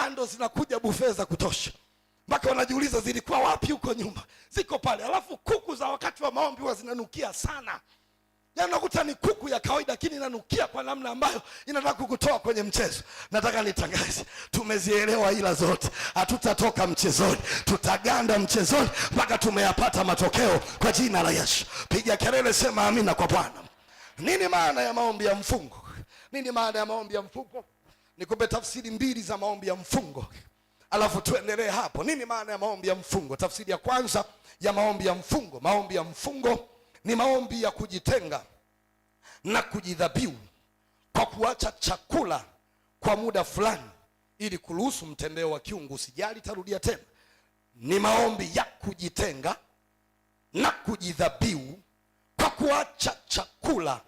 maana ndo zinakuja bufe za kutosha mpaka wanajiuliza zilikuwa wapi huko nyuma, ziko pale. Alafu kuku za wakati wa maombi huwa zinanukia sana, yaani unakuta ni kuku ya kawaida, lakini inanukia kwa namna ambayo inataka kukutoa kwenye mchezo. Nataka nitangaze, tumezielewa ila zote, hatutatoka mchezoni, tutaganda mchezoni mpaka tumeyapata matokeo kwa jina la Yesu. Piga kelele, sema amina kwa Bwana. Nini maana ya maombi ya mfungo? Nini maana ya maombi ya mfungo? Nikupe tafsiri mbili za maombi ya mfungo, alafu tuendelee hapo. Nini maana ya maombi ya mfungo? Tafsiri ya kwanza ya maombi ya mfungo, maombi ya mfungo ni maombi ya kujitenga na kujidhabiu kwa kuacha chakula kwa muda fulani ili kuruhusu mtembeo wa kiungu. usijali. tarudia tena, ni maombi ya kujitenga na kujidhabiu kwa kuacha chakula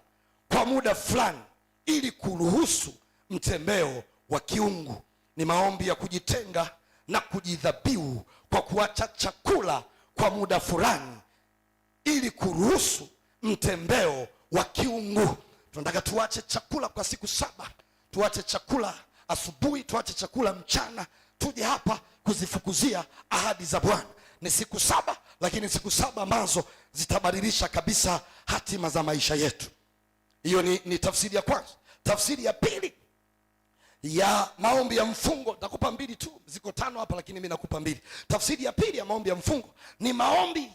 kwa muda fulani ili kuruhusu mtembeo wa kiungu ni maombi ya kujitenga na kujidhabihu kwa kuacha chakula kwa muda fulani, ili kuruhusu mtembeo wa kiungu. Tunataka tuache chakula kwa siku saba, tuache chakula asubuhi, tuache chakula mchana, tuje hapa kuzifukuzia ahadi za Bwana. Ni siku saba, lakini siku saba ambazo zitabadilisha kabisa hatima za maisha yetu. Hiyo ni, ni tafsiri ya kwanza. Tafsiri ya pili ya maombi ya mfungo takupa mbili tu, ziko tano hapa, lakini mimi nakupa mbili. Tafsiri ya pili ya maombi ya mfungo ni maombi